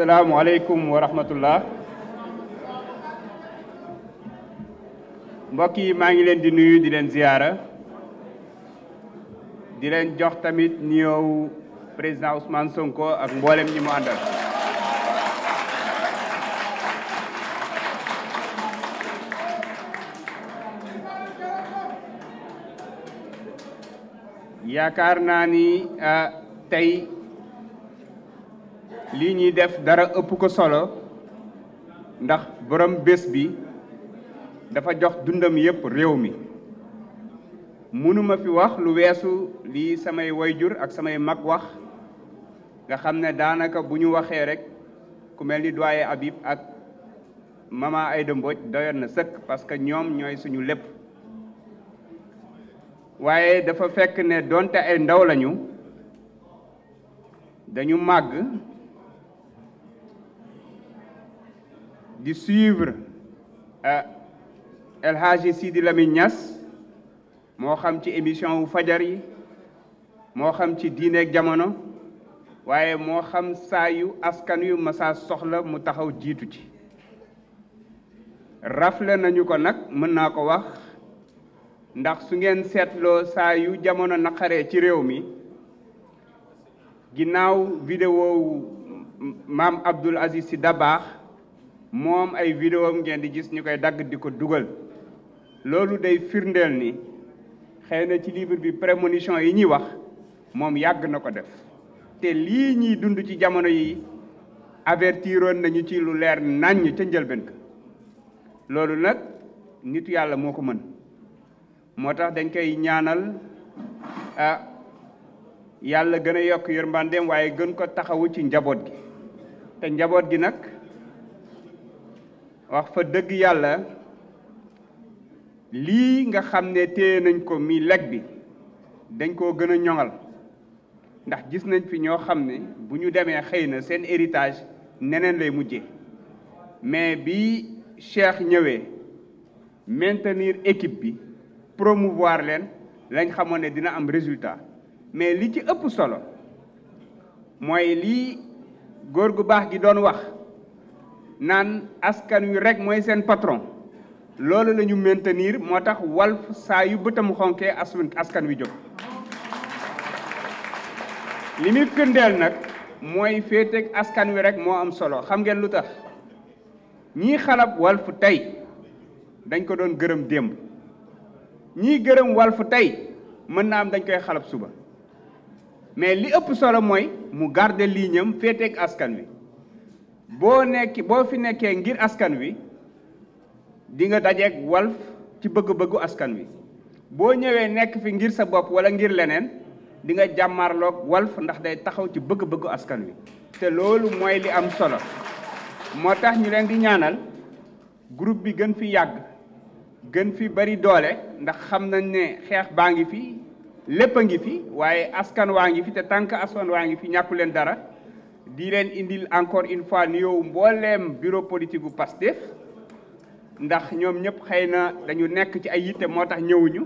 asalaamualeykum wa rahmatullah mbokk yi maa ngi leen di nuyu di leen ziyaara di leen jox tamit nuyoow président Ousmane Sonko ak mboolem ñi mu àndal yaakaar naa ni ah, tey lii ñuy def dara ëpp ko solo ndax boroom bés bi dafa jox dundam yépp réew mi mënuma fi wax lu weesu lii samay wayjur ak samay mag wax nga xam ne daanaka bu ñu waxee rekk ku mel ni doyen Habib ak mama Aïda Mbodj doyoon na sëkk parce que ñoom ñooy suñu lépp waaye dafa fekk ne donte ay ndaw lañu dañu màgg di suivre euh, El Hadji Sidi Lamine Niass moo xam ci émission wu fajar yi moo xam ci diineeg jamono waaye moo xam saa yu askan yu masaa soxla mu taxaw jiitu ci rafle nañu ko nag mën naa ko wax ndax su ngeen seetloo saa yu jamono naqare ci réew mi ginnaaw vidéo wu maam Abdoul Aziz da baax moom ay vidéo am ngeen di gis ñu koy dagg di ko dugal loolu day firndeel ni xëy na ci livre bi prémonition yi ñuy wax moom yàgg na ko def te lii ñuy dund ci jamono yi avertiroon nañu ci lu leer naññ ca njëlbeen ka loolu nag nitu yàlla moo ko mën moo tax dañ koy ñaanal ah yàlla gën a yokk yërmandeem waaye gën ko taxawu ci njaboot gi te njaboot gi nag wax fa dëgg yàlla lii nga xam ne téye nañ ko mi leg bi dañ koo gën a ñoŋal ndax gis nañ fi ñoo xam ne bu ñu demee xëy na seen héritage neneen lay mujjee mais bi Cheikh ñëwee maintenir équipe bi promouvoir leen lañ xamoo ne dina am résultat mais li ci ëpp solo mooy lii góor gu baax gi doon wax naan askan wi rek mooy seen patron loolu la ñu maintenir moo tax Walf saa yu bëtam xonkee askan wi jóg li muy firndeel nag mooy féeteeg askan wi rek moo am solo xam ngeen lu tax ñii xalab Walf tey dañ ko doon gërëm démb ñii gërëm Walf tey mën naa am dañ koy xalab suba mais li ëpp solo mooy mu garder ligne am féeteeg askan wi boo nekk boo fi nekkee ngir askan wi dinga nga dajeeg ci bëgg-bëggu askan wi boo ñëwee nekk fi ngir sa bopp wala ngir leneen di nga jàmmaarloog Walf ndax day taxaw ci bëgg-bëggu askan wi te loolu mooy li am solo moo tax ñu leen di ñaanal groupe bi gën fi yàgg gën fi bari doole ndax xam nañ ne xeex baa ngi fi lépp a ngi fi waaye askan waa ngi fi te tànk askan waa ngi fi ñàkku leen dara di leen indil encore une fois nuyoo mbooleem bureau politique bu Pastef ndax ñoom ñëpp xëy na dañu nekk ci ay yitte moo tax ñëwuñu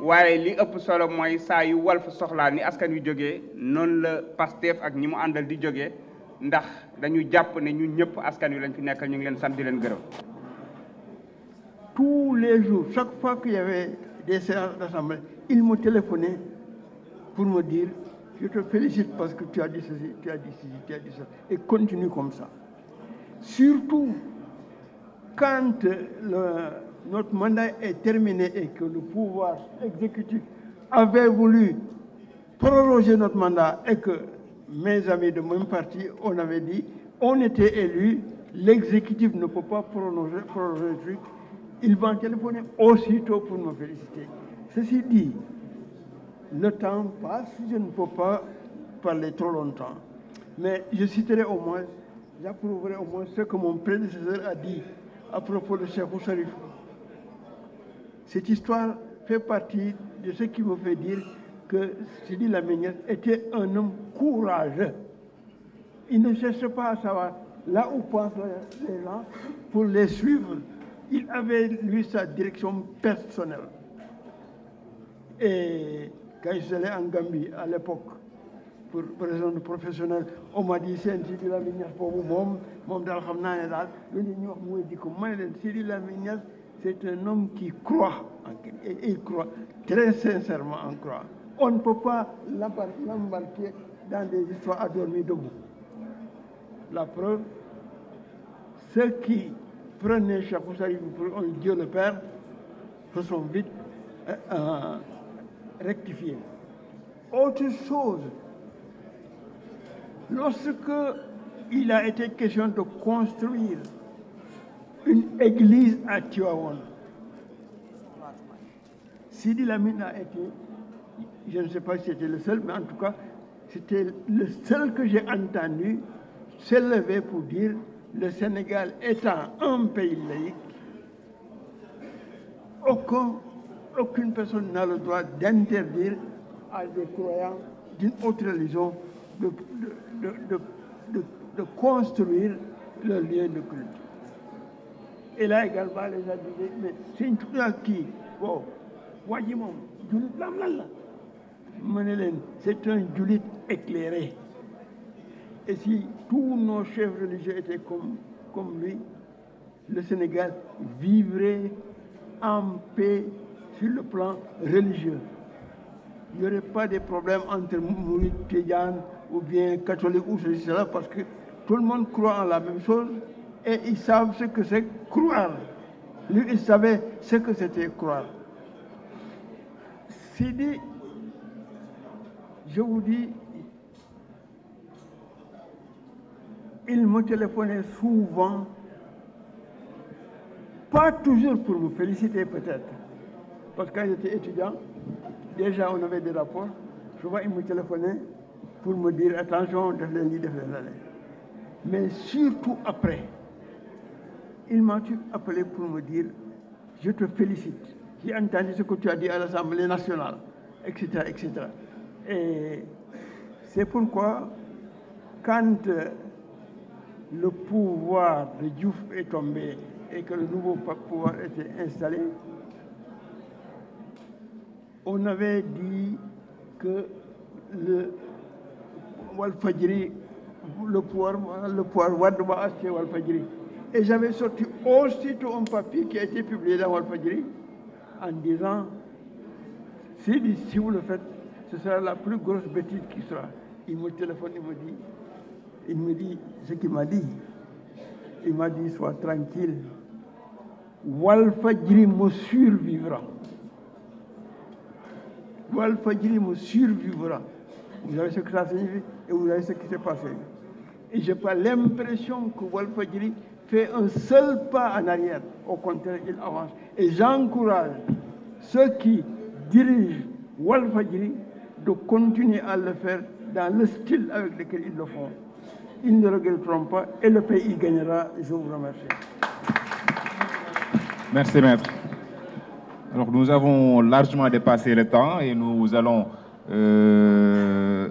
waaye li ëpp solo mooy saa yu Walf soxlaa ni askan wi jóge noonu la Pastef ak ñi mu àndal di jógee ndax dañu jàpp ne ñun ñëpp askan wi lañ fi nekkal ñu ngi leen sant di leen gërëm. tous les jours chaque fois qu'il y avait des il me téléphonait pour me dire. je te félicite parce que tu as dit ceci, tu as dit ceci, tu as dit ça. Et continue comme ça. Surtout quand euh, le, notre mandat est terminé et que le pouvoir exécutif avait voulu proroger notre mandat et que mes amis de mon parti, on avait dit, on était élus, l'exécutif ne peut pas prolonger, prolonger le truc. Ils vont téléphoner aussitôt pour me féliciter. Ceci dit, le temps passe, je ne peux pas parler trop longtemps. Mais je citerai au moins, j'approuverai au moins ce que mon prédécesseur a dit à propos de Cheikh Oussarif. Cette histoire fait partie de ce qui me fait dire que Sidi Lamignas était un homme courageux. Il ne cherche pas à savoir là où pensent les gens pour les suivre. Il avait, lui, sa direction personnelle. Et Quand j'allais Gambie à l'époque, pour raison professionnelle, on m'a dit seen Sidi Lamine Niass boobu moom moom daal xam naa ne daal lu ñu wax mooy di ko ma ne leen Sidi c'est un homme qui croit en croit On ne peut pas l'embarquer dans des histoires à dormir debout. La preuve, ceux qui prenaient Cheikh Ousseyn pour un Père se sont vite. Euh, euh, rectifié. Autre chose, lorsque il a été question de construire une église à Tivaouane, Sidi Lamine a été, je ne sais pas si c'était le seul, mais en tout cas, c'était le seul que j'ai entendu s'élever pour dire le Sénégal étant un pays laïque, aucun aucune personne n'a le droit d'interdire à des croyants d'une autre religion de, de, de, de, construire leur lieu de culte. Et là également, les gens disaient, mais c'est une truc qui, wow, voyez mon, julit lam lan la. Ma ne leen c'est un julit éclairé. Et si tous nos chefs religieux étaient comme, comme lui, le Sénégal vivrait en paix sur le plan religieux. Il n'y aurait pas de problème entre Mourid, ou bien catholique ou ceci, cela, parce que tout le monde croit en la même chose et ils savent ce que c'est croire. Lui, il savait ce que c'était croire. Sidi, je vous dis, il me téléphonait souvent, pas toujours pour vous féliciter peut-être, Parce que quand j'étais étudiant, déjà on avait des rapports. Souvent, ils me téléphonaient pour me dire attention, de les de Mais surtout après, ils m'ont appelé pour me dire je te félicite. J'ai entendu ce que tu as dit à l'Assemblée nationale, etc. etc. Et c'est pourquoi, quand euh, le pouvoir de Diouf est tombé et que le nouveau pouvoir était installé, on avait dit que le Walfadjiri, le pouvoir, le pouvoir Wad va acheter Walfadjiri. Et j'avais sorti aussitôt un papier qui a été publié dans Walfadjiri en disant si, si vous le faites, ce sera la plus grosse bêtise qui sera. Il me téléphone, il me dit, il me dit ce qu'il m'a dit. Il m'a dit, sois tranquille, Walfadjiri me survivra. Walfadjri me survivra. Vous avez ce qui s'est passé. j'ai pas l'impression que Walfadjri fait un seul pas en arrière. Au contraire, il avance. Et j'encourage ceux qui dirigent Walfadjri de continuer à le faire dans le style avec lequel ils le font. Ils pas et le pays gagnera. Je vous remercie. Merci, maître. Alors nous avons largement dépassé le temps et nous allons euh,